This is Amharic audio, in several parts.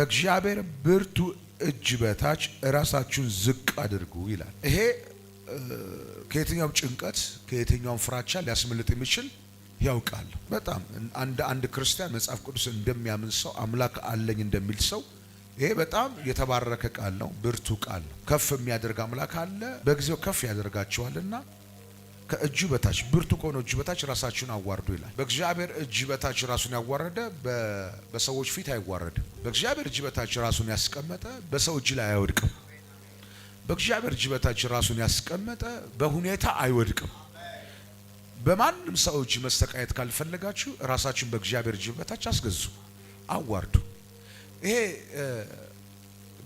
ከእግዚአብሔር ብርቱ እጅ በታች ራሳችሁን ዝቅ አድርጉ ይላል። ይሄ ከየትኛውም ጭንቀት ከየትኛውም ፍራቻ ሊያስመልጥ የሚችል ያውቃል። በጣም አንድ አንድ ክርስቲያን መጽሐፍ ቅዱስ እንደሚያምን ሰው አምላክ አለኝ እንደሚል ሰው ይሄ በጣም የተባረከ ቃል ነው፣ ብርቱ ቃል ነው። ከፍ የሚያደርግ አምላክ አለ። በጊዜው ከፍ ያደርጋቸዋልና ከእጁ በታች ብርቱ ከሆነ እጁ በታች ራሳችሁን አዋርዱ ይላል። በእግዚአብሔር እጅ በታች ራሱን ያዋረደ በሰዎች ፊት አይዋረድም። በእግዚአብሔር እጅ በታች ራሱን ያስቀመጠ በሰው እጅ ላይ አይወድቅም። በእግዚአብሔር እጅ በታች ራሱን ያስቀመጠ በሁኔታ አይወድቅም። በማንም ሰው እጅ መሰቃየት ካልፈለጋችሁ ራሳችሁን በእግዚአብሔር እጅ በታች አስገዙ፣ አዋርዱ። ይሄ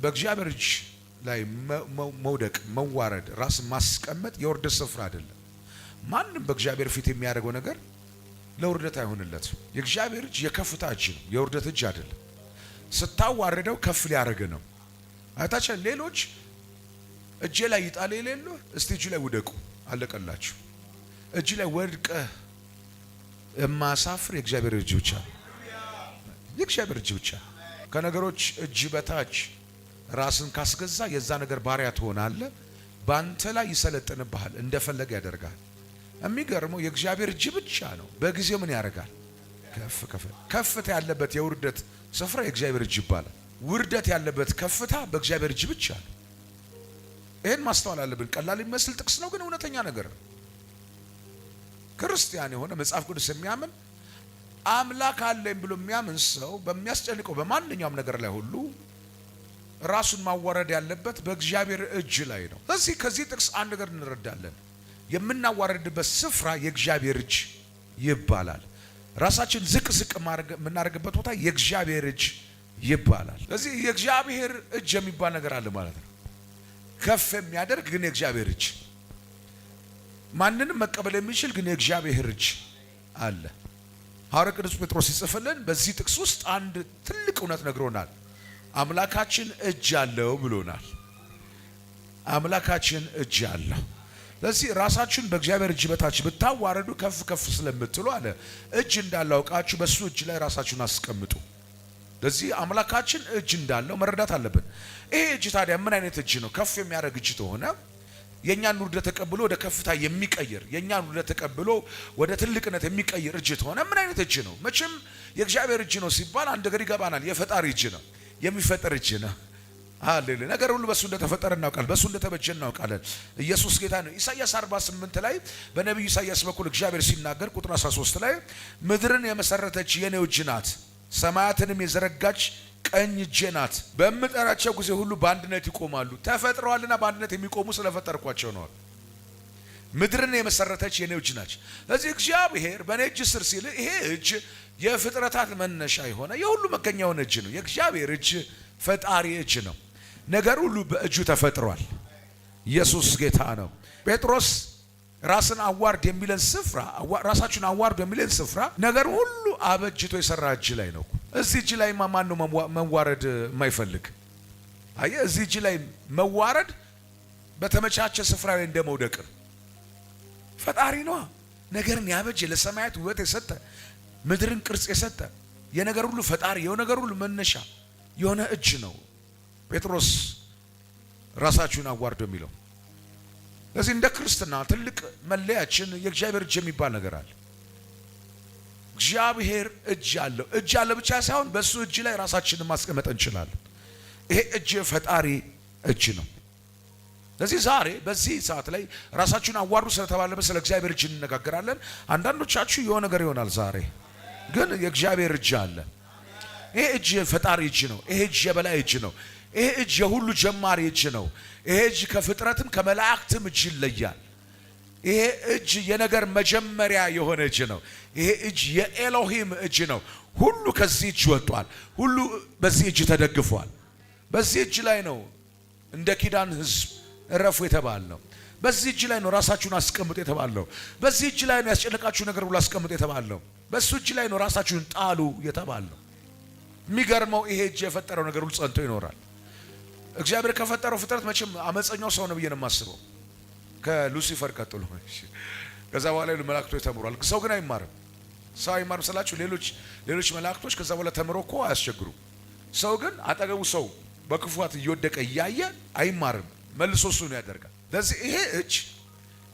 በእግዚአብሔር እጅ ላይ መውደቅ መዋረድ ራስን ማስቀመጥ የወርደ ስፍራ አይደለም። ማንም በእግዚአብሔር ፊት የሚያደርገው ነገር ለውርደት አይሆንለት። የእግዚአብሔር እጅ የከፍታ እጅ ነው፣ የውርደት እጅ አይደለም። ስታዋርደው ከፍ ሊያደርግ ነው። አይታቻ ሌሎች እጄ ላይ ይጣል የሌሉ እስቲ እጅ ላይ ውደቁ፣ አለቀላችሁ። እጅ ላይ ወድቀህ የማሳፍር የእግዚአብሔር እጅ ብቻ የእግዚአብሔር እጅ ብቻ። ከነገሮች እጅ በታች ራስን ካስገዛ የዛ ነገር ባሪያ ትሆናለህ። በአንተ ላይ ይሰለጥንብሃል፣ እንደፈለገ ያደርጋል። የሚገርመው የእግዚአብሔር እጅ ብቻ ነው። በጊዜ ምን ያደርጋል? ከፍ ከፍ ከፍታ ያለበት የውርደት ስፍራ የእግዚአብሔር እጅ ይባላል። ውርደት ያለበት ከፍታ በእግዚአብሔር እጅ ብቻ ነው። ይህን ማስተዋል አለብን። ቀላል የሚመስል ጥቅስ ነው፣ ግን እውነተኛ ነገር ነው። ክርስቲያን የሆነ መጽሐፍ ቅዱስ የሚያምን አምላክ አለኝ ብሎ የሚያምን ሰው በሚያስጨንቀው በማንኛውም ነገር ላይ ሁሉ ራሱን ማዋረድ ያለበት በእግዚአብሔር እጅ ላይ ነው። እዚህ ከዚህ ጥቅስ አንድ ነገር እንረዳለን። የምናዋረድበት ስፍራ የእግዚአብሔር እጅ ይባላል። ራሳችን ዝቅ ዝቅ የምናደርግበት ቦታ የእግዚአብሔር እጅ ይባላል። ስለዚህ የእግዚአብሔር እጅ የሚባል ነገር አለ ማለት ነው። ከፍ የሚያደርግ ግን የእግዚአብሔር እጅ፣ ማንንም መቀበል የሚችል ግን የእግዚአብሔር እጅ አለ። ሐዋርያው ቅዱስ ጴጥሮስ ሲጽፍልን በዚህ ጥቅስ ውስጥ አንድ ትልቅ እውነት ነግሮናል። አምላካችን እጅ አለው ብሎናል። አምላካችን እጅ አለው። ስለዚህ ራሳችሁን በእግዚአብሔር እጅ በታች ብታዋረዱ ከፍ ከፍ ስለምትሉ አለ እጅ እንዳላውቃችሁ በእሱ እጅ ላይ ራሳችሁን አስቀምጡ። ለዚህ አምላካችን እጅ እንዳለው መረዳት አለብን። ይሄ እጅ ታዲያ ምን አይነት እጅ ነው? ከፍ የሚያደርግ እጅ ተሆነ የእኛን ውርደት ተቀብሎ ወደ ከፍታ የሚቀይር የእኛን ውርደት ተቀብሎ ወደ ትልቅነት የሚቀይር እጅ ተሆነ ምን አይነት እጅ ነው? መቼም የእግዚአብሔር እጅ ነው ሲባል አንድ ገባናል ይገባናል። የፈጣሪ እጅ ነው፣ የሚፈጥር እጅ ነው ሃሌሉያ። ነገር ሁሉ በእሱ እንደተፈጠረ እናውቃለን፣ በእሱ እንደተበጀ እናውቃለን። ኢየሱስ ጌታ ነው። ኢሳይያስ 48 ላይ በነቢዩ ኢሳይያስ በኩል እግዚአብሔር ሲናገር ቁጥር 13 ላይ ምድርን የመሰረተች የኔው እጅ ናት፣ ሰማያትንም የዘረጋች ቀኝ እጄ ናት። በምጠራቸው ጊዜ ሁሉ በአንድነት ይቆማሉ። ተፈጥረዋልና በአንድነት የሚቆሙ ስለፈጠርኳቸው ነዋል። ምድርን የመሰረተች የኔ እጅ ናች። ስለዚህ እግዚአብሔር በእኔ እጅ ስር ሲል ይሄ እጅ የፍጥረታት መነሻ የሆነ የሁሉ የሆነ እጅ ነው። የእግዚአብሔር እጅ ፈጣሪ እጅ ነው። ነገር ሁሉ በእጁ ተፈጥሯል። ኢየሱስ ጌታ ነው። ጴጥሮስ ራስን አዋርድ የሚለን ስፍራ ራሳችሁን አዋርዱ የሚለን ስፍራ ነገር ሁሉ አበጅቶ የሰራ እጅ ላይ ነው። እዚህ እጅ ላይ ማማን ነው መዋረድ የማይፈልግ? አየ እዚህ እጅ ላይ መዋረድ በተመቻቸ ስፍራ ላይ እንደመውደቅ ፈጣሪ ነዋ። ነገርን ያበጀ ለሰማያት ውበት የሰጠ ምድርን ቅርጽ የሰጠ የነገር ሁሉ ፈጣሪ የነገር ሁሉ መነሻ የሆነ እጅ ነው። ጴጥሮስ ራሳችሁን አዋርዶ የሚለው ለዚህ እንደ ክርስትና ትልቅ መለያችን የእግዚአብሔር እጅ የሚባል ነገር አለ። እግዚአብሔር እጅ አለው። እጅ አለ ብቻ ሳይሆን በእሱ እጅ ላይ ራሳችንን ማስቀመጥ እንችላለን። ይሄ እጅ ፈጣሪ እጅ ነው። ለዚህ ዛሬ በዚህ ሰዓት ላይ ራሳችሁን አዋርዱ ስለተባለበ ስለ እግዚአብሔር እጅ እንነጋገራለን። አንዳንዶቻችሁ የሆነ ነገር ይሆናል። ዛሬ ግን የእግዚአብሔር እጅ አለ። ይሄ እጅ ፈጣሪ እጅ ነው። ይሄ እጅ የበላይ እጅ ነው። ይሄ እጅ የሁሉ ጀማሪ እጅ ነው። ይሄ እጅ ከፍጥረትም ከመላእክትም እጅ ይለያል። ይሄ እጅ የነገር መጀመሪያ የሆነ እጅ ነው። ይሄ እጅ የኤሎሂም እጅ ነው። ሁሉ ከዚህ እጅ ወጥቷል። ሁሉ በዚህ እጅ ተደግፏል። በዚህ እጅ ላይ ነው እንደ ኪዳን ሕዝብ እረፉ ነው። በዚህ እጅ ላይ ነው ራሳችሁን አስቀምጡ የተባለው በዚህ እጅ ላይ ነው ያስጨነቃችሁ ነገር ሁሉ አስቀምጡ የተባልነው። በሱ እጅ ላይ ነው ራሳችሁን ጣሉ የተባለው የሚገርመው ይሄ እጅ የፈጠረው ነገር ሁሉ ጸንቶ ይኖራል። እግዚአብሔር ከፈጠረው ፍጥረት መቼም አመፀኛው ሰው ነው ብዬ ነው የማስበው፣ ከሉሲፈር ቀጥሎ። ከዛ በኋላ መላእክቶች ተምሯል። ሰው ግን አይማርም። ሰው አይማርም ስላችሁ ሌሎች ሌሎች መላእክቶች ከዛ በኋላ ተምሮ እኮ አያስቸግሩም። ሰው ግን አጠገቡ ሰው በክፋት እየወደቀ እያየ አይማርም። መልሶ እሱ ነው ያደርጋል። ለዚህ ይሄ እጅ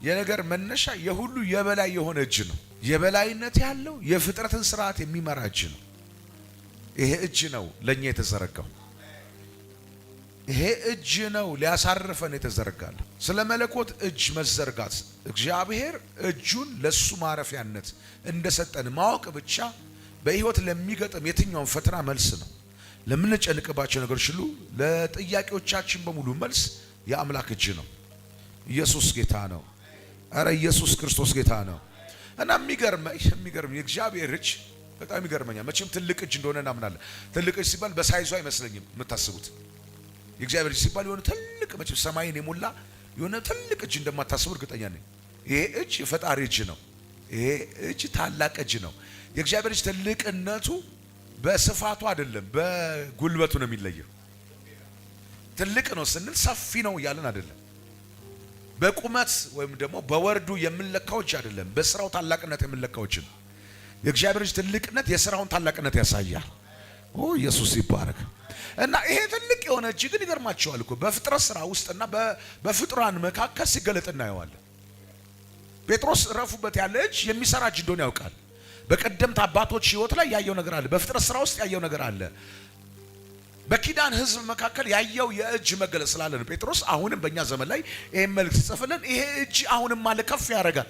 የነገር መነሻ የሁሉ የበላይ የሆነ እጅ ነው። የበላይነት ያለው የፍጥረትን ስርዓት የሚመራ እጅ ነው። ይሄ እጅ ነው ለእኛ የተዘረጋው። ይሄ እጅ ነው ሊያሳርፈን የተዘርጋል። ስለ መለኮት እጅ መዘርጋት እግዚአብሔር እጁን ለሱ ማረፊያነት እንደሰጠን ማወቅ ብቻ በህይወት ለሚገጥም የትኛውን ፈተና መልስ ነው። ለምንጨንቅባቸው ነገሮች ሁሉ፣ ለጥያቄዎቻችን በሙሉ መልስ የአምላክ እጅ ነው። ኢየሱስ ጌታ ነው። አረ ኢየሱስ ክርስቶስ ጌታ ነው። እና የሚገርመ የሚገርም የእግዚአብሔር እጅ በጣም ይገርመኛል። መቼም ትልቅ እጅ እንደሆነ እናምናለን። ትልቅ እጅ ሲባል በሳይዙ አይመስለኝም የምታስቡት የእግዚአብሔር እጅ ሲባል የሆነ ትልቅ መቼም ሰማይን የሞላ የሆነ ትልቅ እጅ እንደማታስቡ እርግጠኛ ነኝ። ይሄ እጅ የፈጣሪ እጅ ነው። ይሄ እጅ ታላቅ እጅ ነው። የእግዚአብሔር እጅ ትልቅነቱ በስፋቱ አይደለም፣ በጉልበቱ ነው የሚለየው። ትልቅ ነው ስንል ሰፊ ነው እያለን አይደለም። በቁመት ወይም ደግሞ በወርዱ የምንለካው እጅ አይደለም፣ በስራው ታላቅነት የምንለካው እጅ ነው። የእግዚአብሔር እጅ ትልቅነት የስራውን ታላቅነት ያሳያል። ኢየሱስ ይባረክ። እና ይሄ ትልቅ የሆነ እጅ ግን ይገርማቸዋል እኮ በፍጥረት ስራ ውስጥና በፍጡራን መካከል ሲገለጥ እናየዋለን። ጴጥሮስ ረፉበት ያለ እጅ የሚሰራ እጅ እንደሆነ ያውቃል። በቀደምት አባቶች ህይወት ላይ ያየው ነገር አለ። በፍጥረት ስራ ውስጥ ያየው ነገር አለ። በኪዳን ህዝብ መካከል ያየው የእጅ መገለጽ ስላለ ነው ጴጥሮስ አሁንም በእኛ ዘመን ላይ ይህን መልእክት ጽፍልን ይሄ እጅ አሁንም አለ ከፍ ያደርጋል።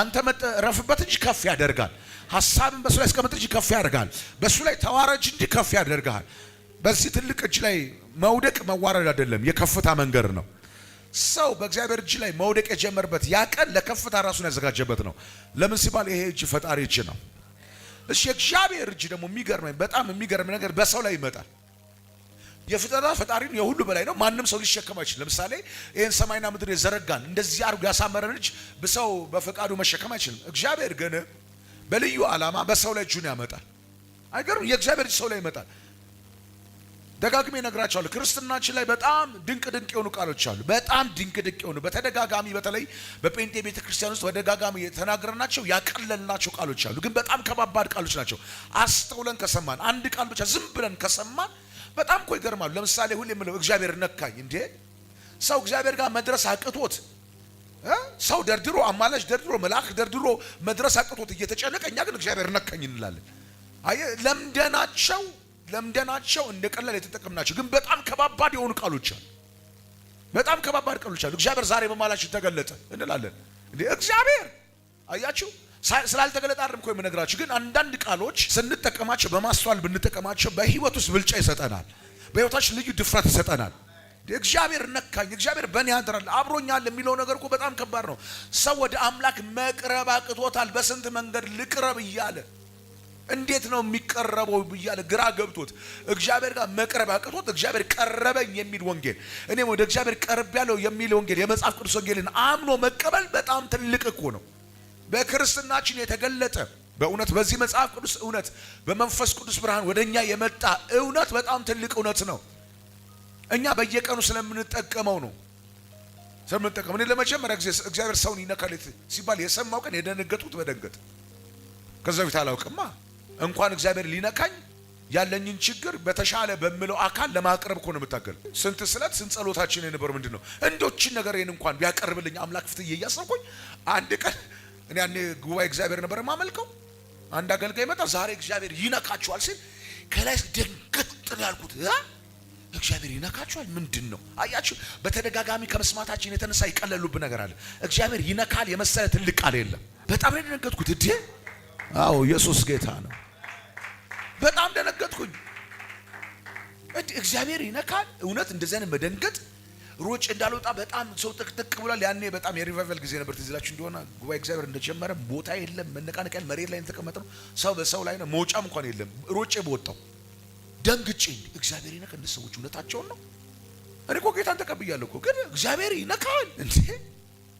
አንተ መጠ ረፍበት እጅ ከፍ ያደርጋል። ሀሳብን በሱ ላይ እስከመጥር እጅ ከፍ ያደርጋል። በሱ ላይ ተዋረጅ እንጂ ከፍ ያደርጋል። በዚህ ትልቅ እጅ ላይ መውደቅ መዋረድ አይደለም፣ የከፍታ መንገድ ነው። ሰው በእግዚአብሔር እጅ ላይ መውደቅ የጀመርበት ያ ቀን ለከፍታ ራሱን ያዘጋጀበት ነው። ለምን ሲባል ይሄ እጅ ፈጣሪ እጅ ነው። እሺ፣ የእግዚአብሔር እጅ ደግሞ የሚገርመኝ በጣም የሚገርም ነገር በሰው ላይ ይመጣል። የፍጥረታት ፈጣሪን የሁሉ በላይ ነው። ማንም ሰው ሊሸከም አይችልም። ለምሳሌ ይህን ሰማይና ምድር የዘረጋን እንደዚህ አድርጎ ያሳመረን እጅ ብሰው በፈቃዱ መሸከም አይችልም። እግዚአብሔር ግን በልዩ ዓላማ በሰው ላይ እጁን ያመጣል። አይገርም? የእግዚአብሔር ሰው ላይ ይመጣል። ደጋግሜ እነግራቸዋለሁ። ክርስትናችን ላይ በጣም ድንቅ ድንቅ የሆኑ ቃሎች አሉ። በጣም ድንቅ ድንቅ የሆኑ በተደጋጋሚ በተለይ በጴንጤ ቤተ ክርስቲያን ውስጥ በደጋጋሚ የተናገርናቸው ያቀለልናቸው ቃሎች አሉ። ግን በጣም ከባባድ ቃሎች ናቸው። አስተውለን ከሰማን አንድ ቃል ብቻ ዝም ብለን ከሰማን በጣም እኮ ይገርማሉ። ለምሳሌ ሁሌ የምለው እግዚአብሔር ነካኝ። እንዴ ሰው እግዚአብሔር ጋር መድረስ አቅቶት ሰው ደርድሮ አማላጅ ደርድሮ መልአክ ደርድሮ መድረስ አቅቶት እየተጨነቀ እኛ ግን እግዚአብሔር ነካኝ እንላለን። አየህ ለምደናቸው ለምደናቸው እንደ ቀላል የተጠቀምናቸው ግን በጣም ከባባድ የሆኑ ቃሎች አሉ። በጣም ከባባድ ቃሎች አሉ። እግዚአብሔር ዛሬ በማላችሁ ተገለጠ እንላለን። እንዴ እግዚአብሔር አያችሁ ስላልተገለጠ አይደለም እኮ የምነግራችሁ። ግን አንዳንድ ቃሎች ስንጠቀማቸው በማስተዋል ብንጠቀማቸው በህይወት ውስጥ ብልጫ ይሰጠናል። በህይወታችን ልዩ ድፍረት ይሰጠናል። እግዚአብሔር ነካኝ፣ እግዚአብሔር በእኔ ያድራል፣ አብሮኛል የሚለው ነገር እኮ በጣም ከባድ ነው። ሰው ወደ አምላክ መቅረብ አቅቶታል። በስንት መንገድ ልቅረብ እያለ እንዴት ነው የሚቀረበው እያለ ግራ ገብቶት እግዚአብሔር ጋር መቅረብ አቅቶት እግዚአብሔር ቀረበኝ የሚል ወንጌል እኔም ወደ እግዚአብሔር ቀርብ ያለው የሚል ወንጌል የመጽሐፍ ቅዱስ ወንጌልን አምኖ መቀበል በጣም ትልቅ እኮ ነው። በክርስትናችን የተገለጠ በእውነት በዚህ መጽሐፍ ቅዱስ እውነት በመንፈስ ቅዱስ ብርሃን ወደኛ የመጣ እውነት በጣም ትልቅ እውነት ነው። እኛ በየቀኑ ስለምንጠቀመው ነው ስለምንጠቀመው። እኔ ለመጀመሪያ ጊዜ እግዚአብሔር ሰውን ይነካል ሲባል የሰማው ቀን የደነገጥኩት በደንገጥ ከዛ በፊት አላውቅማ። እንኳን እግዚአብሔር ሊነካኝ ያለኝን ችግር በተሻለ በምለው አካል ለማቅረብ እኮ ነው የምታገል። ስንት ስለት ስንት ጸሎታችን የነበረው ምንድን ነው እንዶችን ነገር ይህን እንኳን ቢያቀርብልኝ አምላክ ፍትዬ እያሰብኩኝ አንድ ቀን እኔ ያኔ ጉባኤ እግዚአብሔር ነበር የማመልከው። አንድ አገልጋይ መጣ፣ ዛሬ እግዚአብሔር ይነካችኋል ሲል ከላይ ደንገጥ ነው ያልኩት። እግዚአብሔር ይነካቸዋል። ምንድን ነው አያችሁ፣ በተደጋጋሚ ከመስማታችን የተነሳ ይቀለሉብን ነገር አለ። እግዚአብሔር ይነካል የመሰለ ትልቅ ቃል የለም። በጣም ደነገጥኩት። እዴ አዎ፣ ኢየሱስ ጌታ ነው። በጣም ደነገጥኩኝ። እግዚአብሔር ይነካል። እውነት እንደዚህ መደንገጥ ሮጭ እንዳልወጣ በጣም ሰው ጥቅጥቅ ብሏል። ያኔ በጣም የሪቫይቫል ጊዜ ነበር። ትዝ ይላችሁ እንደሆነ ጉባኤ እግዚአብሔር እንደጀመረ ቦታ የለም፣ መነቃነቅ መሬት ላይ የተቀመጠ ነው። ሰው በሰው ላይ ነው፣ መውጫም እንኳን የለም። ሮጬ በወጣው ደንግጬ እግዚአብሔር ይነካ። እንደ ሰዎች እውነታቸውን ነው። እኔ እኮ ጌታን ተቀብያለሁ እኮ ግን እግዚአብሔር ይነካል እንዴ?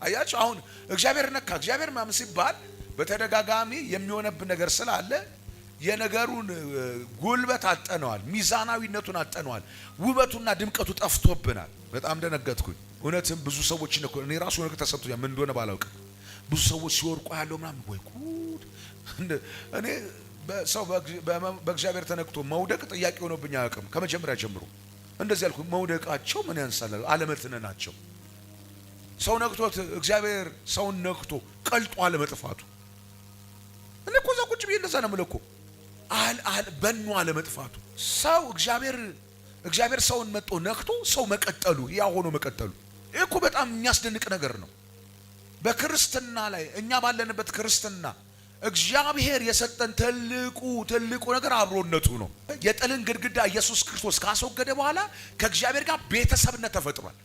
አያችሁ፣ አሁን እግዚአብሔር ነካ እግዚአብሔር ምናምን ሲባል በተደጋጋሚ የሚሆነብን ነገር ስላለ የነገሩን ጉልበት አጠነዋል፣ ሚዛናዊነቱን አጠነዋል፣ ውበቱና ድምቀቱ ጠፍቶብናል። በጣም ደነገጥኩኝ። እውነትም ብዙ ሰዎች እኮ እኔ ራሱ ነገር ተሰጥቶኛል፣ ምን እንደሆነ ባላውቅ ብዙ ሰዎች ሲወርቁ ያለው ምናምን ወይ ጉድ እኔ ሰው በእግዚአብሔር ተነክቶ መውደቅ ጥያቄ ሆኖብኝ አያውቅም። ከመጀመሪያ ጀምሮ እንደዚህ ያልኩ መውደቃቸው ምን ያንሳል? አለመትነናቸው ሰው ነክቶት እግዚአብሔር ሰውን ነክቶ ቀልጦ አለመጥፋቱ። እኔ እኮ እዛ ቁጭ ብዬ እንደዛ ነው የምልህ እኮ በኖ አለመጥፋቱ። ሰው እግዚአብሔር እግዚአብሔር ሰውን መጦ ነክቶ ሰው መቀጠሉ፣ ያ ሆኖ መቀጠሉ ይህ እኮ በጣም የሚያስደንቅ ነገር ነው። በክርስትና ላይ እኛ ባለንበት ክርስትና እግዚአብሔር የሰጠን ትልቁ ትልቁ ነገር አብሮነቱ ነው። የጥልን ግድግዳ ኢየሱስ ክርስቶስ ካስወገደ በኋላ ከእግዚአብሔር ጋር ቤተሰብነት ተፈጥሯል።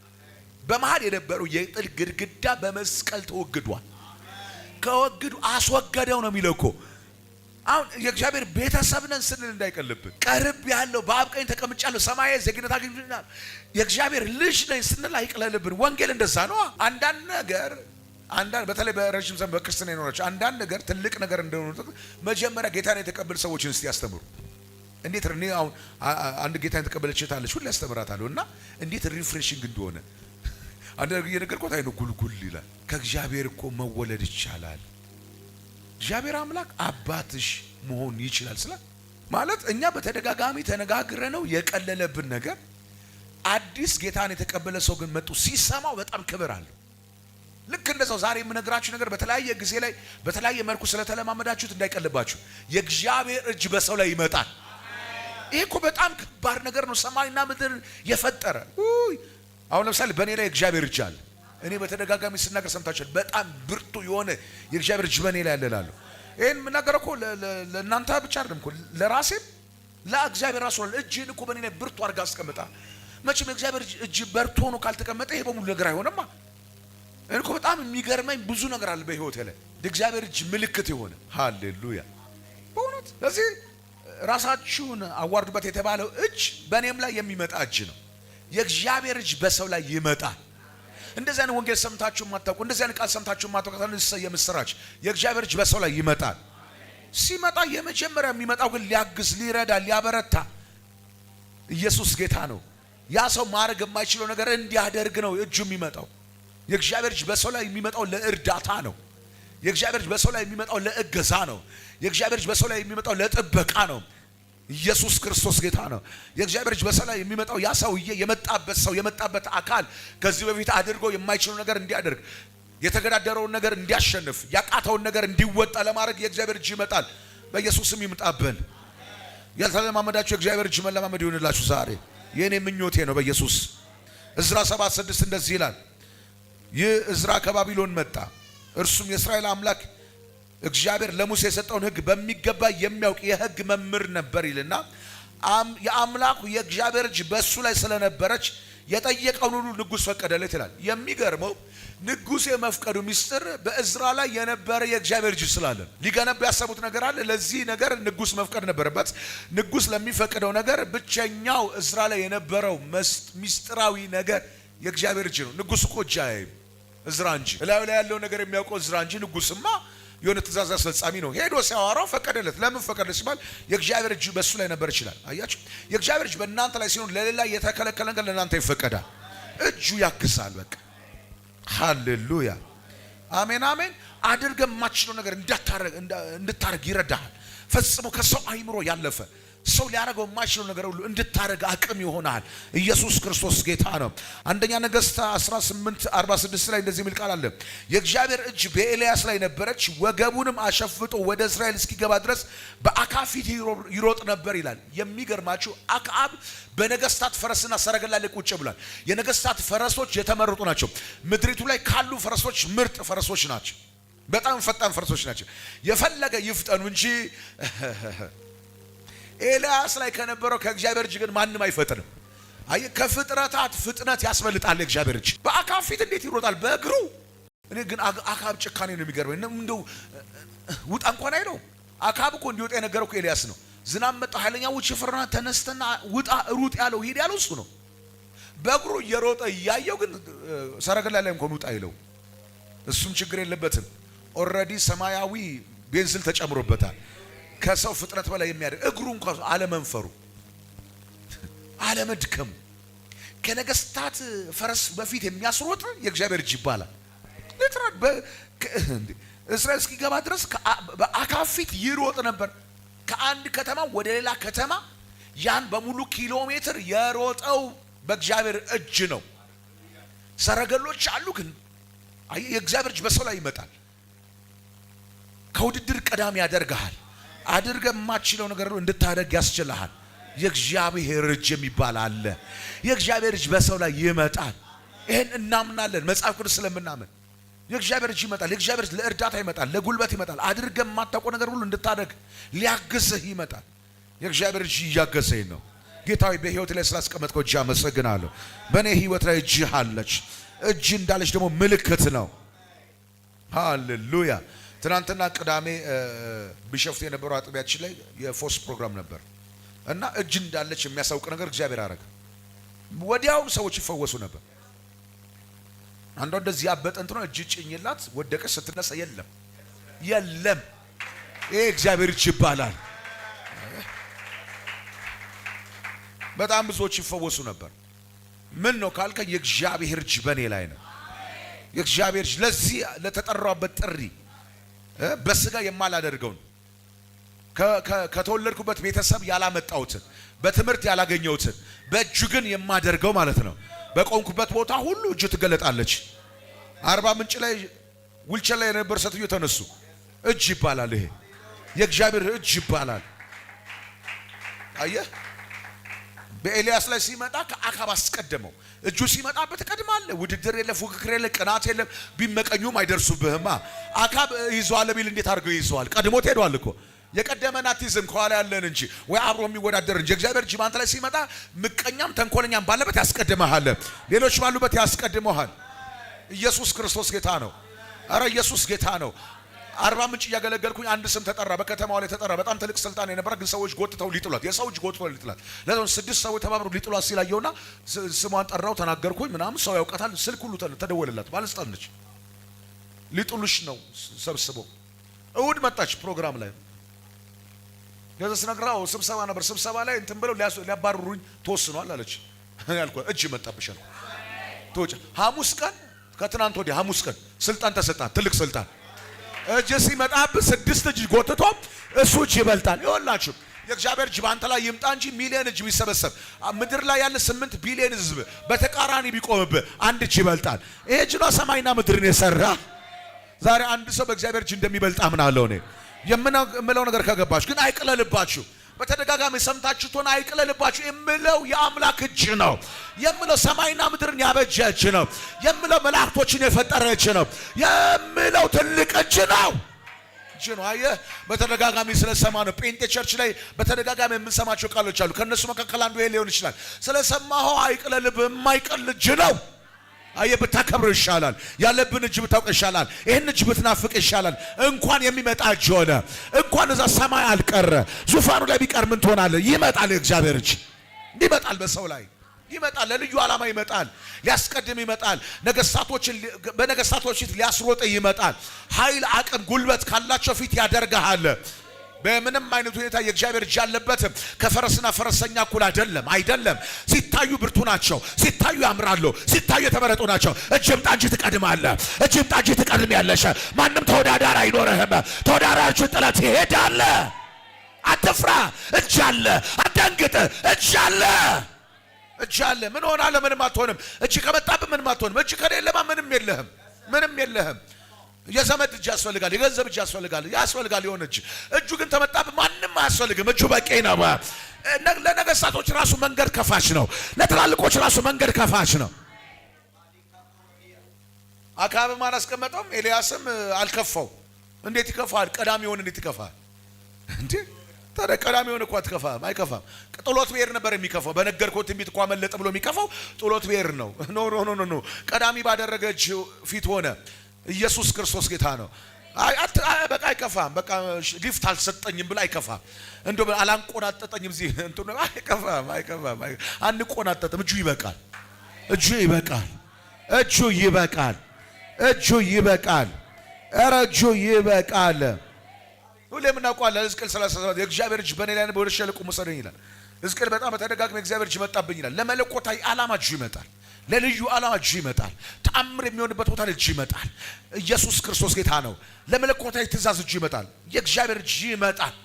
በመሀል የነበረው የጥል ግድግዳ በመስቀል ተወግዷል። ከወግዱ አስወገደው ነው የሚለው እኮ አሁን የእግዚአብሔር ቤተሰብ ነን ስንል እንዳይቀልብን። ቀርብ ያለው በአብ ቀኝ ተቀምጫለሁ ሰማያዊ ዜግነት አግኝቻለሁ የእግዚአብሔር ልጅ ነኝ ስንል አይቅለልብን። ወንጌል እንደዛ ነው። አንዳንድ ነገር አንዳንድ በተለይ በረዥም ዘመን በክርስትና የኖራቸው አንዳንድ ነገር ትልቅ ነገር እንደሆነ መጀመሪያ ጌታን የተቀበል ሰዎችን እስቲ ያስተምሩ። እንዴት እኔ አሁን አንድ ጌታን የተቀበለች ታለች ሁሉ ያስተምራታለሁ እና እንዴት ሪፍሬሽንግ እንደሆነ አንድ የነገር ኮታ አይኑ ጉልጉል ይላል። ከእግዚአብሔር እኮ መወለድ ይቻላል። እግዚአብሔር አምላክ አባትሽ መሆን ይችላል ስላ ማለት እኛ በተደጋጋሚ ተነጋግረ ነው የቀለለብን ነገር። አዲስ ጌታን የተቀበለ ሰው ግን መጡ ሲሰማው በጣም ክብር አለው። ልክ እንደዛው ዛሬ የምነግራችሁ ነገር በተለያየ ጊዜ ላይ በተለያየ መልኩ ስለተለማመዳችሁት እንዳይቀልባችሁ፣ የእግዚአብሔር እጅ በሰው ላይ ይመጣል። ይሄ እኮ በጣም ከባድ ነገር ነው። ሰማይና ምድር የፈጠረ አሁን ለምሳሌ በእኔ ላይ እግዚአብሔር እጅ አለ። እኔ በተደጋጋሚ ስናገር ሰምታችኋል። በጣም ብርቱ የሆነ የእግዚአብሔር እጅ በእኔ ላይ ያለላሉ። ይህን የምናገረው እኮ ለእናንተ ብቻ አይደለም እኮ ለራሴም ለእግዚአብሔር ራሱ እጅህን እኮ በእኔ ላይ ብርቱ አድርጋ አስቀምጣ። መቼም የእግዚአብሔር እጅ በርቶ ሆኖ ካልተቀመጠ ይሄ በሙሉ ነገር አይሆንማ። እኔ እኮ በጣም የሚገርመኝ ብዙ ነገር አለ በህይወቴ ላይ የእግዚአብሔር እጅ ምልክት የሆነ ሃሌሉያ። በእውነት ለዚህ ራሳችሁን አዋርዱበት የተባለው እጅ በእኔም ላይ የሚመጣ እጅ ነው። የእግዚአብሔር እጅ በሰው ላይ ይመጣል። እንደዚህ አይነት ወንጌል ሰምታችሁ የማታውቁ እንደዚህ አይነት ቃል ሰምታችሁ የማታውቁ የምስራች፣ የእግዚአብሔር እጅ በሰው ላይ ይመጣል። ሲመጣ የመጀመሪያ የሚመጣው ግን ሊያግዝ፣ ሊረዳ፣ ሊያበረታ ኢየሱስ ጌታ ነው። ያ ሰው ማድረግ የማይችለው ነገር እንዲያደርግ ነው እጁ የሚመጣው የእግዚአብሔር እጅ በሰው ላይ የሚመጣው ለእርዳታ ነው። የእግዚአብሔር እጅ በሰው ላይ የሚመጣው ለእገዛ ነው። የእግዚአብሔር እጅ በሰው ላይ የሚመጣው ለጥበቃ ነው። ኢየሱስ ክርስቶስ ጌታ ነው። የእግዚአብሔር እጅ በሰው ላይ የሚመጣው ያ ሰውዬ የመጣበት ሰው የመጣበት አካል ከዚህ በፊት አድርጎ የማይችል ነገር እንዲያደርግ የተገዳደረውን ነገር እንዲያሸንፍ ያቃተውን ነገር እንዲወጣ ለማድረግ የእግዚአብሔር እጅ ይመጣል። በኢየሱስም ይምጣብን። ያልተለማመዳችሁ የእግዚአብሔር እጅ መለማመድ ይሆንላችሁ ዛሬ። የእኔ ምኞቴ ነው በኢየሱስ። እዝራ ሰባት ስድስት እንደዚህ ይላል ይህ እዝራ ከባቢሎን መጣ። እርሱም የእስራኤል አምላክ እግዚአብሔር ለሙሴ የሰጠውን ሕግ በሚገባ የሚያውቅ የሕግ መምህር ነበር ይልና የአምላኩ የእግዚአብሔር እጅ በእሱ ላይ ስለነበረች የጠየቀውን ሁሉ ንጉሥ ፈቀደለት ይላል። የሚገርመው ንጉሴ መፍቀዱ ሚስጥር በእዝራ ላይ የነበረ የእግዚአብሔር እጅ ስላለ ሊገነብ ያሰቡት ነገር አለ። ለዚህ ነገር ንጉሥ መፍቀድ ነበረበት። ንጉሥ ለሚፈቅደው ነገር ብቸኛው እዝራ ላይ የነበረው ሚስጥራዊ ነገር የእግዚአብሔር እጅ ነው። ንጉሥ እኮ እጅ አያይም። እዝራ እንጂ እላዩ ላይ ያለው ነገር የሚያውቀው እዝራ እንጂ ንጉስማ የሆነ ትእዛዝ አስፈጻሚ ነው። ሄዶ ሲያወራው ፈቀደለት። ለምን ፈቀደለት ሲባል የእግዚአብሔር እጅ በእሱ ላይ ነበር ይችላል። አያችሁ፣ የእግዚአብሔር እጅ በእናንተ ላይ ሲሆን ለሌላ የተከለከለ ነገር ለእናንተ ይፈቀዳል። እጁ ያግሳል። በቃ ሃሌሉያ፣ አሜን፣ አሜን። አድርገ የማችለው ነገር እንድታደርግ ይረዳሃል። ፈጽሞ ከሰው አይምሮ ያለፈ ሰው ሊያደርገው የማይችለው ነገር ሁሉ እንድታደርግ አቅም ይሆናል። ኢየሱስ ክርስቶስ ጌታ ነው። አንደኛ ነገሥት 1846 ላይ እንደዚህ የሚል ቃል አለ። የእግዚአብሔር እጅ በኤልያስ ላይ ነበረች፣ ወገቡንም አሸፍጦ ወደ እስራኤል እስኪገባ ድረስ በአካፊት ይሮጥ ነበር ይላል። የሚገርማችሁ አክዓብ በነገስታት ፈረስና ሰረገላ ላይ ቁጭ ብሏል። የነገስታት ፈረሶች የተመረጡ ናቸው። ምድሪቱ ላይ ካሉ ፈረሶች ምርጥ ፈረሶች ናቸው። በጣም ፈጣን ፈረሶች ናቸው። የፈለገ ይፍጠኑ እንጂ ኤልያስ ላይ ከነበረው ከእግዚአብሔር እጅ ግን ማንም አይፈጥንም። አይ ከፍጥረታት ፍጥነት ያስበልጣል እግዚአብሔር እጅ። በአካብ ፊት እንዴት ይሮጣል በእግሩ? እኔ ግን አካብ ጭካኔ ነው የሚገርመኝ። እንደው ውጣ እንኳን አይለው። አካብ እኮ እንዲወጣ የነገረው እኮ ኤልያስ ነው። ዝናብ መጣ፣ ኃይለኛ ሽፍርና ተነስተና ውጣ፣ ሩጥ ያለው ሂድ ያለው እሱ ነው። በእግሩ እየሮጠ እያየው ግን ሰረገላ ላይ እንኳን ውጣ አይለው። እሱም ችግር የለበትም። ኦልሬዲ ሰማያዊ ቤንዝል ተጨምሮበታል። ከሰው ፍጥረት በላይ የሚያደርግ እግሩ እንኳ አለመንፈሩ፣ አለመድከሙ ከነገስታት ፈረስ በፊት የሚያስሮጥ የእግዚአብሔር እጅ ይባላል። ልትራድ እስራኤል እስኪገባ ድረስ በአካፊት ፊት ይሮጥ ነበር። ከአንድ ከተማ ወደ ሌላ ከተማ ያን በሙሉ ኪሎ ሜትር የሮጠው በእግዚአብሔር እጅ ነው። ሰረገሎች አሉ፣ ግን የእግዚአብሔር እጅ በሰው ላይ ይመጣል። ከውድድር ቀዳሚ ያደርግሃል። አድርገ የማትችለው ነገር እንድታደርግ ያስችልሃል። የእግዚአብሔር እጅ የሚባል አለ። የእግዚአብሔር እጅ በሰው ላይ ይመጣል። ይህን እናምናለን፣ መጽሐፍ ቅዱስ ስለምናምን የእግዚአብሔር እጅ ይመጣል። የእግዚአብሔር እጅ ለእርዳታ ይመጣል፣ ለጉልበት ይመጣል። አድርገ የማታውቀው ነገር ሁሉ እንድታደግ ሊያግዝህ ይመጣል። የእግዚአብሔር እጅ እያገዘኝ ነው። ጌታዊ በህይወት ላይ ስላስቀመጥከው እጅ አመሰግናለሁ። በእኔ ህይወት ላይ እጅህ አለች። እጅ እንዳለች ደግሞ ምልክት ነው። ሃሌሉያ ትናንትና ቅዳሜ ቢሸፍት የነበረው አጥቢያችን ላይ የፎርስ ፕሮግራም ነበር እና እጅ እንዳለች የሚያሳውቅ ነገር እግዚአብሔር አረገ። ወዲያውም ሰዎች ይፈወሱ ነበር። አንዷ እንደዚህ አበጠንት ነው እጅ ጭኝላት ወደቀች። ስትነሳ የለም የለም። ይህ እግዚአብሔር እጅ ይባላል። በጣም ብዙዎች ይፈወሱ ነበር። ምን ነው ካልከ የእግዚአብሔር እጅ በእኔ ላይ ነው። የእግዚአብሔር እጅ ለዚህ ለተጠራበት ጥሪ በስጋ የማላደርገውን ከተወለድኩበት ቤተሰብ ያላመጣሁትን በትምህርት ያላገኘሁትን በእጁ ግን የማደርገው ማለት ነው። በቆምኩበት ቦታ ሁሉ እጁ ትገለጣለች። አርባ ምንጭ ላይ ውልቸር ላይ የነበር ሴትዮ ተነሱ። እጅ ይባላል ይሄ የእግዚአብሔር እጅ ይባላል። አየህ በኤልያስ ላይ ሲመጣ ከአካብ አስቀድመው እጁ ሲመጣበት ትቀድማለህ። ውድድር የለም፣ ፉክክር የለም፣ ቅናት የለም። ቢመቀኙም አይደርሱብህማ። አካብ ይዘዋል ቢል እንዴት አድርገው ይዘዋል? ቀድሞት ሄዷል እኮ የቀደመን አትይዝም ከኋላ ያለን እንጂ ወይ አብሮ የሚወዳደር እንጂ። እግዚአብሔር እጅ በአንተ ላይ ሲመጣ ምቀኛም ተንኮለኛም ባለበት ያስቀድመሃል፣ ሌሎች ባሉበት ያስቀድመሃል። ኢየሱስ ክርስቶስ ጌታ ነው። ኧረ ኢየሱስ ጌታ ነው። አርባ ምንጭ እያገለገልኩኝ አንድ ስም ተጠራ፣ በከተማው ላይ ተጠራ። በጣም ትልቅ ስልጣን የነበረ ግን ሰዎች ጎትተው ሊጥሏት፣ የሰው እጅ ጎትተው ሊጥሏት። ለዛ ስድስት ሰዎች ተባብረው ሊጥሏት ሲላየውና ስሟን ጠራው፣ ተናገርኩኝ፣ ምናምን ሰው ያውቀታል፣ ስልክ ሁሉ ተደወለላት፣ ባለስልጣን ነች። ሊጥሉሽ ነው ሰብስበው። እሁድ መጣች ፕሮግራም ላይ ገዛ ስነግራው ስብሰባ ነበር። ስብሰባ ላይ እንትን ብለው ሊያባርሩኝ ተወስኗል አለች። ያልኩ እጅ መጣብሻል። ሐሙስ ቀን ከትናንት ወዲያ ሐሙስ ቀን ስልጣን ተሰጣት፣ ትልቅ ስልጣን እጅ ሲመጣብህ ስድስት እጅ ጎትቶ እሱ እጅ ይበልጣል። ይወላችሁ የእግዚአብሔር እጅ በአንተ ላይ ይምጣ እንጂ ሚሊዮን እጅ ቢሰበሰብ ምድር ላይ ያለ ስምንት ቢሊዮን ህዝብ በተቃራኒ ቢቆምብህ አንድ እጅ ይበልጣል። ይሄ እጅ ነው ሰማይና ምድርን የሰራ። ዛሬ አንድ ሰው በእግዚአብሔር እጅ እንደሚበልጣ አምናለሁ። እኔ የምለው ነገር ከገባችሁ ግን አይቅለልባችሁ። በተደጋጋሚ ሰምታችሁ ትሆን አይቅለልባችሁ። የምለው የአምላክ እጅ ነው የምለው ሰማይና ምድርን ያበጀ እጅ ነው የምለው መላእክቶችን የፈጠረ እጅ ነው የምለው ትልቅ እጅ ነው እጅ ነው። በተደጋጋሚ ስለሰማ ነው። ጴንጤ ቸርች ላይ በተደጋጋሚ የምንሰማቸው ቃሎች አሉ። ከእነሱ መካከል አንዱ ይሄ ሊሆን ይችላል። ስለሰማኸው አይቅለልብ የማይቀል እጅ ነው። አየ ብታከብረው ይሻላል። ያለብን እጅ ብታውቀ ይሻላል። ይህን እጅ ብትናፍቅ ይሻላል። እንኳን የሚመጣ እጅ ሆነ እንኳን እዛ ሰማይ አልቀረ ዙፋኑ ላይ ቢቀር ምን ትሆናለህ? ይመጣል። የእግዚአብሔር እጅ ይመጣል በሰው ላይ ይመጣል ለልዩ ዓላማ ይመጣል። ሊያስቀድም ይመጣል። ነገስታቶችን በነገስታቶች ፊት ሊያስሮጥ ይመጣል። ኃይል፣ አቅም፣ ጉልበት ካላቸው ፊት ያደርግሃል። በምንም አይነት ሁኔታ የእግዚአብሔር እጅ አለበትም። ከፈረስና ፈረሰኛ እኩል አይደለም፣ አይደለም። ሲታዩ ብርቱ ናቸው፣ ሲታዩ ያምራሉ፣ ሲታዩ የተመረጡ ናቸው። እጅም ጣንጂ ትቀድማለህ፣ እጅም ጣጅ ትቀድም ያለሽ ማንም ተወዳዳሪ አይኖርህም። ተወዳዳሪዎቹ ጥለት ይሄዳለ። አትፍራ፣ እጅ አለ። አትደንግጥ፣ እጅ አለ። እጅ አለ። ምን ሆናለህ? ምንም አትሆንም። እጅ ከመጣብ ምንም አትሆንም። እጅ ከሌለማ ምንም የለህም፣ ምንም የለህም። የዘመድ እጅ ያስፈልጋል። የገንዘብ እጅ ያስፈልጋል። ያስፈልጋል የሆነ እጅ እጁ ግን ተመጣብ ማንም አያስፈልግም። እጁ በቂ ነው። ለነገስታቶች ራሱ መንገድ ከፋች ነው። ለትላልቆች ራሱ መንገድ ከፋች ነው። አካብም አላስቀመጠውም። ኤልያስም አልከፋው። እንዴት ይከፋል? ቀዳሚ ሆን እንዴት ይከፋል? እንዴ ታዲያ ቀዳሚ ሆን እኮ አትከፋም፣ አይከፋም። ጥሎት ብሔር ነበር የሚከፋው። በነገርኩህ ትንቢት እኮ አመለጠ ብሎ የሚከፋው ጥሎት ብሔር ነው። ኖ ኖ ኖ ኖ ቀዳሚ ባደረገች ፊት ሆነ ኢየሱስ ክርስቶስ ጌታ ነው። በቃ አይከፋም። በቃ ሊፍት አልሰጠኝም ብለህ አይከፋም። እንደ አላንቆናጠጠኝም እዚህ እንትን አይከፋም፣ አይከፋም፣ አንቆናጠጥም። እጁ ይበቃል፣ እጁ ይበቃል፣ እጁ ይበቃል፣ እጁ ይበቃል፣ ኧረ እጁ ይበቃል። ሁሌም እናውቀዋለን። ሕዝቅኤል 37 የእግዚአብሔር እጅ በእኔ ላይ ነው፣ ወደ ሸለቆ መሰደኝ ይላል። ሕዝቅኤል በጣም በተደጋግሞ የእግዚአብሔር እጅ መጣብኝ ይላል። ለመለኮታዊ ዓላማ እጁ ይመጣል። ለልዩ ዓላማ እጅ ይመጣል። ተአምር የሚሆንበት ቦታ እጅ ይመጣል። ኢየሱስ ክርስቶስ ጌታ ነው። ለመለኮታዊ ትእዛዝ እጅ ይመጣል። የእግዚአብሔር እጅ ይመጣል።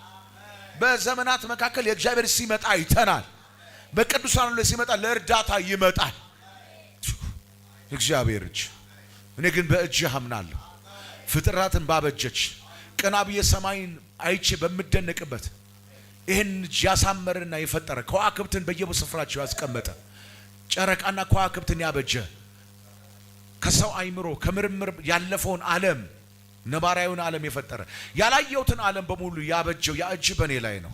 በዘመናት መካከል የእግዚአብሔር ሲመጣ ይተናል። በቅዱሳን ላይ ሲመጣ ለእርዳታ ይመጣል። እግዚአብሔር እጅ እኔ ግን በእጅ አምናለሁ። ፍጥራትን ባበጀች ቀና ብዬ ሰማይን አይቼ በምደነቅበት ይህን እጅ ያሳመረና የፈጠረ ከዋክብትን በየቦታው ስፍራቸው ያስቀመጠ ጨረቃና ከዋክብትን ያበጀ ከሰው አይምሮ ከምርምር ያለፈውን ዓለም ነባራዊውን ዓለም የፈጠረ ያላየሁትን ዓለም በሙሉ ያበጀው ያ እጅ በእኔ ላይ ነው።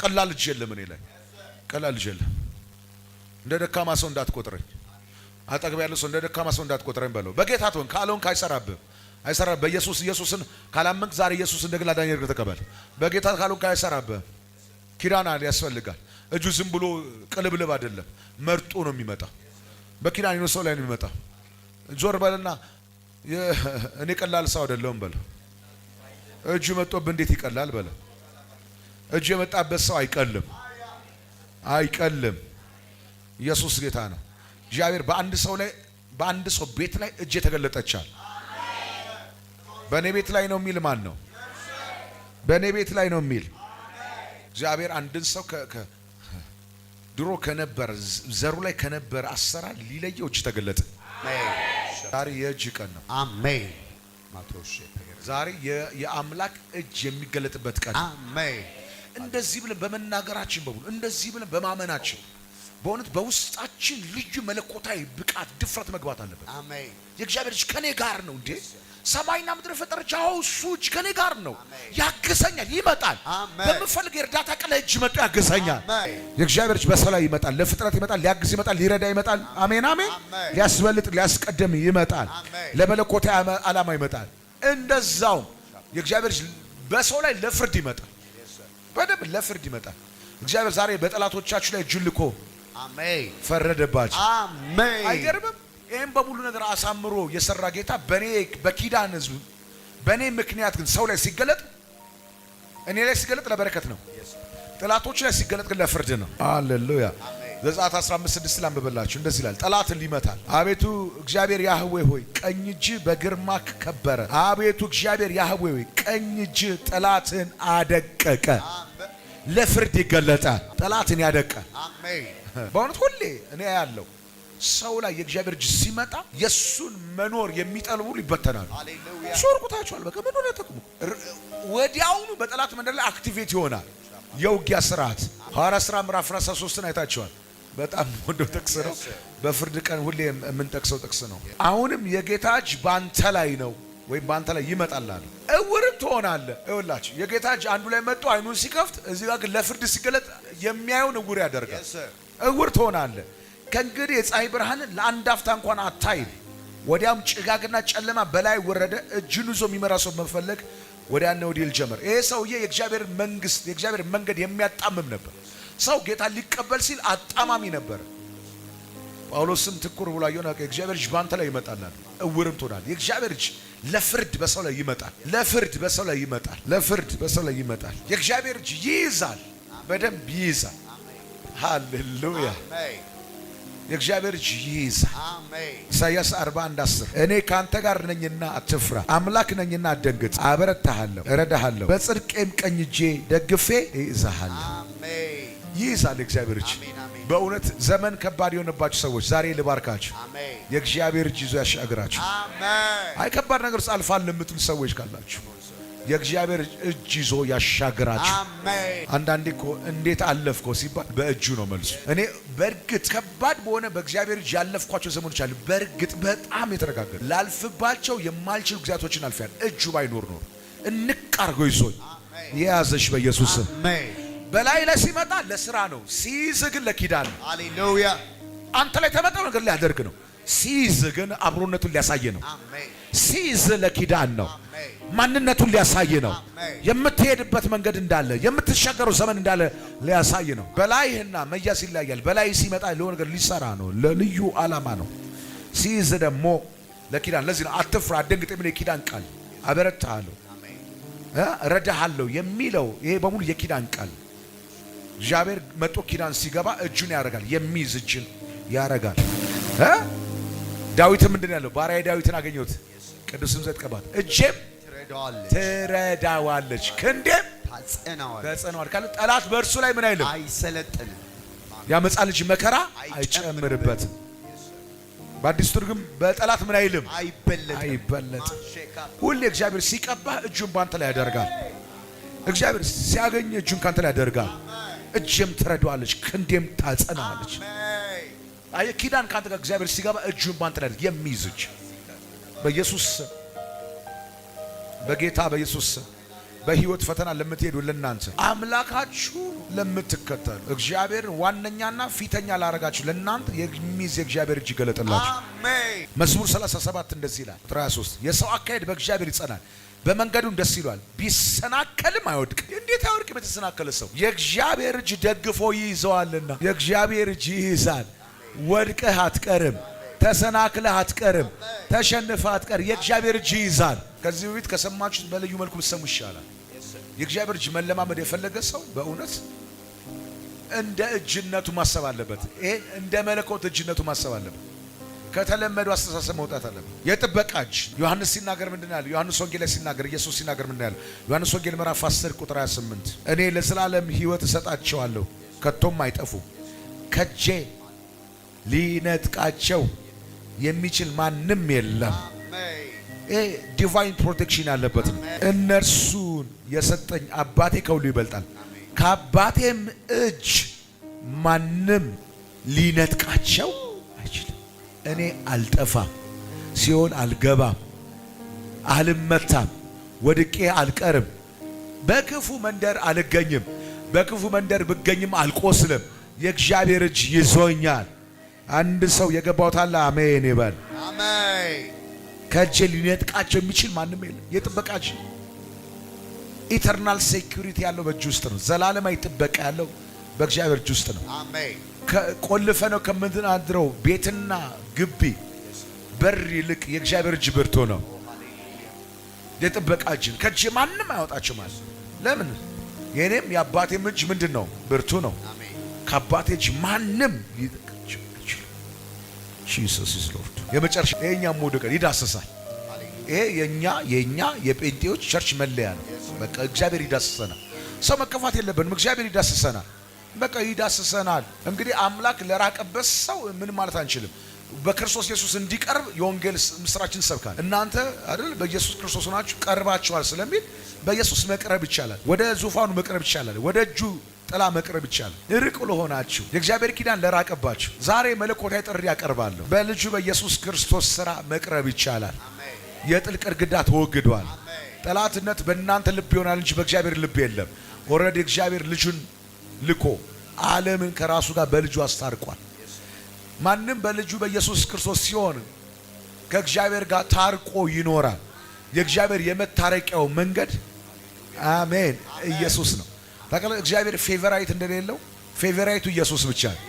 ቀላል እጅ የለም እኔ ላይ ቀላል እጅ የለም። እንደ ደካማ ሰው እንዳትቆጥረኝ፣ አጠገብ ያለ ሰው እንደ ደካማ ሰው እንዳትቆጥረኝ በለው። በጌታ ትሆን ካለውን አይሰራብህም፣ አይሰራብህም። በኢየሱስ ኢየሱስን ካላመንክ ዛሬ ኢየሱስ እንደ ግል አዳኝ ተቀበል። በጌታ ካለውን አይሰራብህም። ኪዳን ያስፈልጋል። እጁ ዝም ብሎ ቅልብልብ አይደለም፣ መርጦ ነው የሚመጣ። በኪዳን ሰው ላይ ነው የሚመጣ። ዞር በልና እኔ ቀላል ሰው አይደለሁም በለ። እጁ መጦብ እንዴት ይቀላል በለ። እጁ የመጣበት ሰው አይቀልም፣ አይቀልም። ኢየሱስ ጌታ ነው። እግዚአብሔር በአንድ ሰው ላይ በአንድ ሰው ቤት ላይ እጅ የተገለጠቻል። በእኔ ቤት ላይ ነው የሚል ማን ነው? በእኔ ቤት ላይ ነው የሚል እግዚአብሔር አንድን ሰው ድሮ ከነበር ዘሩ ላይ ከነበር አሰራር ሊለየው እጅ ተገለጠ። ዛሬ የእጅ ቀን ነው። አሜን። ዛሬ የአምላክ እጅ የሚገለጥበት ቀን። አሜን። እንደዚህ ብለን በመናገራችን በሙሉ እንደዚህ ብለን በማመናችን በእውነት በውስጣችን ልዩ መለኮታዊ ብቃት ድፍረት መግባት አለበት። አሜን። የእግዚአብሔር እጅ ከኔ ጋር ነው እንዴ! ሰማይና ምድር ፈጠር ጃው እሱ እጅ ከኔ ጋር ነው። ያግዘኛል፣ ይመጣል። በምፈልግ የእርዳታ ቀን እጅ መጥቶ ያግዘኛል። የእግዚአብሔር እጅ በሰላ ይመጣል፣ ለፍጥረት ይመጣል፣ ሊያግዝ ይመጣል፣ ሊረዳ ይመጣል። አሜን፣ አሜን። ሊያስበልጥ ሊያስቀደም ይመጣል፣ ለመለኮታዊ ዓላማ ይመጣል። እንደዛውም የእግዚአብሔር እጅ በሰው ላይ ለፍርድ ይመጣል፣ በደንብ ለፍርድ ይመጣል። እግዚአብሔር ዛሬ በጠላቶቻችሁ ላይ እጁን ልኮ አሜን። ፈረደባቸው። አሜን። አይገርምም? ይህም በሙሉ ነገር አሳምሮ የሰራ ጌታ በኔ በኪዳን ህዝብ በእኔ ምክንያት ግን ሰው ላይ ሲገለጥ እኔ ላይ ሲገለጥ ለበረከት ነው። ጠላቶች ላይ ሲገለጥ ግን ለፍርድ ነው። አሌሉያ። ዘጸአት 15፥6 ላንብበላችሁ። እንደዚህ ይላል፣ ጠላትን ሊመታል። አቤቱ እግዚአብሔር ያህዌ ሆይ ቀኝ እጅ በግርማ ከበረ። አቤቱ እግዚአብሔር ያህዌ ሆይ ቀኝ እጅ ጠላትን አደቀቀ። ለፍርድ ይገለጣል። ጠላትን ያደቀ በእውነት ሁሌ እኔ ያለው ሰው ላይ የእግዚአብሔር እጅ ሲመጣ የእሱን መኖር የሚጠልቡ ይበተናሉ። እሱ ወርቁታቸዋል። በቃ መኖር ያጠቅሙ ወዲያውኑ በጠላት መንደር ላይ አክቲቬት ይሆናል። የውጊያ ስርዓት ሐዋርያት ሥራ ምዕራፍ 13ን አይታቸዋል። በጣም ወንዶ ጥቅስ ነው። በፍርድ ቀን ሁሌ የምንጠቅሰው ጥቅስ ነው። አሁንም የጌታ እጅ ባንተ ላይ ነው። ወይም በአንተ ላይ ይመጣል አለ። እውርም ትሆናለ። ይኸውላችሁ የጌታ እጅ አንዱ ላይ መጥቶ አይኑን ሲከፍት፣ እዚህ ጋር ግን ለፍርድ ሲገለጥ የሚያየውን እውር ያደርጋል። እውር ትሆናለ። ከእንግዲህ የፀሐይ ብርሃን ለአንድ አፍታ እንኳን አታይም። ወዲያም ጭጋግና ጨለማ በላይ ወረደ። እጅን ይዞ የሚመራ ሰው መፈለግ ወዲያና ወዲህ ጀመረ። ይሄ ሰውዬ የእግዚአብሔር መንግስት የእግዚአብሔር መንገድ የሚያጣምም ነበር። ሰው ጌታ ሊቀበል ሲል አጣማሚ ነበር። ጳውሎስም ትኩር ብሎ አየውና የእግዚአብሔር እጅ በአንተ ላይ ይመጣላል፣ እውርም ትሆናል። የእግዚአብሔር እጅ ለፍርድ በሰው ላይ ይመጣል። ለፍርድ በሰው ላይ ይመጣል። ለፍርድ በሰው ላይ ይመጣል። የእግዚአብሔር እጅ ይይዛል፣ በደንብ ይይዛል። ሃሌሉያ የእግዚአብሔር እጅ ይይዛል። ኢሳይያስ 41 10 እኔ ከአንተ ጋር ነኝና አትፍራ፣ አምላክ ነኝና አትደንግጥ፣ አበረታሃለሁ፣ እረዳሃለሁ፣ በጽድቄም ቀኝ እጄ ደግፌ እይዛሃለሁ። ይይዛል የእግዚአብሔር እጅ በእውነት ዘመን ከባድ የሆነባችሁ ሰዎች ዛሬ ልባርካችሁ። የእግዚአብሔር እጅ ይዞ ያሻግራችሁ። አይ ከባድ ነገር ውስጥ አልፋለሁ የምትሉ ሰዎች ካላችሁ የእግዚአብሔር እጅ ይዞ ያሻግራችሁ። አንዳንዴ እኮ እንዴት አለፍኮ ሲባል በእጁ ነው መልሱ። እኔ በእርግጥ ከባድ በሆነ በእግዚአብሔር እጅ ያለፍኳቸው ዘመኖች አሉ። በእርግጥ በጣም የተረጋገጠ ላልፍባቸው የማልችሉ ጊዜያቶችን አልፌያለሁ። እጁ ባይኖር ኖር እንቅ አድርጎ ይዞኝ የያዘሽ በኢየሱስ ስም በላይ ላይ ሲመጣ ለስራ ነው፣ ሲይዝ ግን ለኪዳን ነው። ሃሌሉያ አንተ ላይ ተመጣው ነገር ሊያደርግ ነው። ሲይዝ ግን አብሮነቱን ሊያሳየ ነው። ሲይዝ ለኪዳን ነው። ማንነቱን ሊያሳይ ነው። የምትሄድበት መንገድ እንዳለ፣ የምትሻገረው ዘመን እንዳለ ሊያሳይ ነው። በላይህና መያዝ ይለያያል። በላይ ሲመጣ ለሆነ ነገር ሊሰራ ነው፣ ለልዩ ዓላማ ነው። ሲይዝ ደግሞ ለኪዳን። ለዚህ ነው አትፍራ፣ አትደንግጥ የሚለው የኪዳን ቃል አበረታሃለሁ፣ ረዳሃለሁ የሚለው ይሄ በሙሉ የኪዳን ቃል እግዚአብሔር መጦ ኪዳን ሲገባ እጁን ያደርጋል፣ የሚይዝ እጅን ያረጋል። ዳዊትም ምንድን ያለው ባሪያዬ ዳዊትን አገኘሁት፣ ቅዱስም ዘጥቀባት፣ እጄም ትረዳዋለች፣ ክንዴም ታጸናዋለች ካለ ጠላት በእርሱ ላይ ምን አይልም፣ አይሰለጥንም፣ ያመፃ ልጅ መከራ አይጨምርበትም። በአዲስ ትርጉም በጠላት ምን አይልም፣ አይበለጥም። ሁሌ እግዚአብሔር ሲቀባህ እጁን ባንተ ላይ ያደርጋል። እግዚአብሔር ሲያገኝ እጁን ካንተ ላይ ያደርጋል። እጅም ትረዳዋለች፣ ክንዴም ታጸናዋለች። አየህ ኪዳን ካንተ ጋር እግዚአብሔር ሲገባ እጁን ባንተ ላይ የሚይዝ እጅ በኢየሱስ በጌታ በኢየሱስ በህይወት ፈተና ለምትሄዱ ለእናንተ አምላካችሁ ለምትከተሉ እግዚአብሔር ዋነኛና ፊተኛ ላረጋችሁ ለእናንተ የሚይዝ የእግዚአብሔር እጅ ይገለጥላችሁ። መዝሙር 37 እንደዚህ ይላል ቁጥር 23 የሰው አካሄድ በእግዚአብሔር ይጸናል በመንገዱ ደስ ይሏል፣ ቢሰናከልም አይወድቅም። እንዴት አይወድቅም? የተሰናከለ ሰው የእግዚአብሔር እጅ ደግፎ ይይዘዋልና። የእግዚአብሔር እጅ ይይዛል። ወድቀህ አትቀርም፣ ተሰናክለህ አትቀርም፣ ተሸንፈህ አትቀርም። የእግዚአብሔር እጅ ይይዛል። ከዚህ በፊት ከሰማችሁት በልዩ መልኩ ብትሰሙ ይሻላል። የእግዚአብሔር እጅ መለማመድ የፈለገ ሰው በእውነት እንደ እጅነቱ ማሰብ አለበት። ይሄ እንደ መለኮት እጅነቱ ማሰብ አለበት። ከተለመዱ አስተሳሰብ መውጣት አለበት የጥበቃ እጅ ዮሐንስ ሲናገር ምንድን ያለው? ዮሐንስ ወንጌል ላይ ሲናገር ኢየሱስ ሲናገር ምንድን ያለው? ዮሐንስ ወንጌል ምዕራፍ 10 ቁጥር 28 እኔ ለዘላለም ሕይወት እሰጣቸዋለሁ ከቶም አይጠፉ ከጄ ሊነጥቃቸው የሚችል ማንም የለም። ይሄ ዲቫይን ፕሮቴክሽን ያለበት ነው። እነርሱን የሰጠኝ አባቴ ከሁሉ ይበልጣል፣ ከአባቴም እጅ ማንም ሊነጥቃቸው እኔ አልጠፋም፣ ሲኦል አልገባም፣ አልመታም፣ ወድቄ አልቀርም፣ በክፉ መንደር አልገኝም፣ በክፉ መንደር ብገኝም አልቆስልም፣ የእግዚአብሔር እጅ ይዞኛል። አንድ ሰው የገባውታል አሜን ይበል። አሜን። ከእጄ ሊነጥቃቸው የሚችል ማንም የለም። የጥበቃች ኢተርናል ሴኩሪቲ ያለው በእጅ ውስጥ ነው። ዘላለማዊ ጥበቃ ያለው በእግዚአብሔር እጅ ውስጥ ነው። አሜን። ቆልፈ ነው ከምንድን አድረው ቤትና ግቢ በር ይልቅ የእግዚአብሔር እጅ ብርቱ ነው። የጥበቃ እጅን ከእጅ ማንም አያወጣችሁ ማለት ለምን የእኔም የአባቴም እጅ ምንድን ነው? ብርቱ ነው። ከአባቴ እጅ ማንም ሊጠቅችም የመጨረሻ ይሄኛ ሞድ ይዳስሳል። ይዳሰሳል። ይሄ የእኛ የእኛ የጴንጤዎች ቸርች መለያ ነው። በቃ እግዚአብሔር ይዳስሰናል። ሰው መከፋት የለብንም። እግዚአብሔር ይዳስሰናል? በቃ ይዳስሰናል። እንግዲህ አምላክ ለራቀበት ሰው ምን ማለት አንችልም። በክርስቶስ ኢየሱስ እንዲቀርብ የወንጌል ምስራችን ሰብካል። እናንተ አይደል በኢየሱስ ክርስቶስ ሆናችሁ ቀርባችኋል ስለሚል በኢየሱስ መቅረብ ይቻላል። ወደ ዙፋኑ መቅረብ ይቻላል። ወደ እጁ ጥላ መቅረብ ይቻላል። ርቅ ለሆናችሁ የእግዚአብሔር ኪዳን ለራቀባችሁ ዛሬ መለኮታዊ ጥሪ ያቀርባለሁ። በልጁ በኢየሱስ ክርስቶስ ስራ መቅረብ ይቻላል። የጥልቅ እርግዳ ተወግዷል። ጠላትነት በእናንተ ልብ ይሆናል እንጂ በእግዚአብሔር ልብ የለም። ኦልሬዲ እግዚአብሔር ልጁን ልኮ ዓለምን ከራሱ ጋር በልጁ አስታርቋል። ማንም በልጁ በኢየሱስ ክርስቶስ ሲሆን ከእግዚአብሔር ጋር ታርቆ ይኖራል። የእግዚአብሔር የመታረቂያው መንገድ አሜን ኢየሱስ ነው። ታቀለ እግዚአብሔር ፌቨራይት እንደሌለው ፌቨራይቱ ኢየሱስ ብቻ ነው።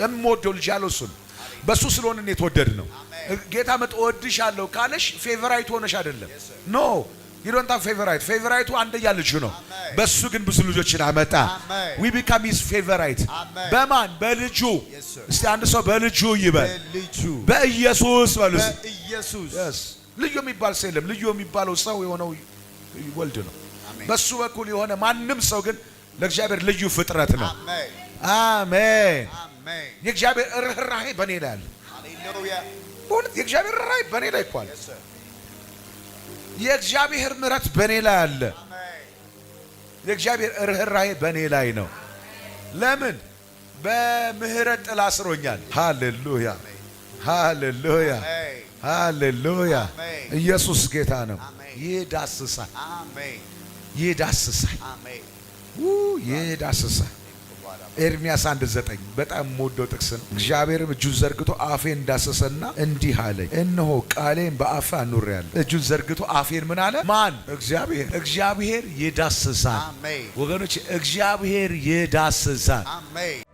የምወደው ልጅ ያለው እሱ ነው። በእሱ ስለሆነ እኔ የተወደድ ነው። ጌታ እወድሻለሁ ካለሽ ፌቨራይቱ ሆነሽ አይደለም። ኖ ዩ ዶንት ሃቭ ፌቨራይት። ፌቨራይቱ አንደኛ ልጁ ነው። በሱ ግን ብዙ ልጆችን አመጣ። ዊ ቢካም ሂዝ ፌቨራይት በማን በልጁ። እስቲ አንድ ሰው በልጁ ይበል። በኢየሱስ ልዩ የሚባል ሰው የለም። ልዩ የሚባለው ሰው የሆነው ወልድ ነው። በሱ በኩል የሆነ ማንም ሰው ግን ለእግዚአብሔር ልዩ ፍጥረት ነው። አሜን። የእግዚአብሔር ርኅራሄ በእኔ ላይ አለ። በእውነት የእግዚአብሔር ርኅራሄ በእኔ ላይ እኮ አለ። የእግዚአብሔር ምሕረት በእኔ ላይ አለ። የእግዚአብሔር ርኅራሄ በእኔ ላይ ነው። ለምን በምህረት ጥላ ስሮኛል። ሃሌሉያ ሃሌሉያ ሃሌሉያ። ኢየሱስ ጌታ ነው። ይዳስሳል፣ ይዳስሳል፣ ይዳስሳል ኤርሚያስ አንድ ዘጠኝ በጣም ሞዶ ጥቅስ ነው። እግዚአብሔርም እጁን ዘርግቶ አፌን እንዳሰሰና እንዲህ አለኝ፣ እነሆ ቃሌን በአፍ አኑሬአለሁ። እጁን ዘርግቶ አፌን ምን አለ? ማን? እግዚአብሔር። እግዚአብሔር ይዳስሳል ወገኖች፣ እግዚአብሔር ይዳስሳል።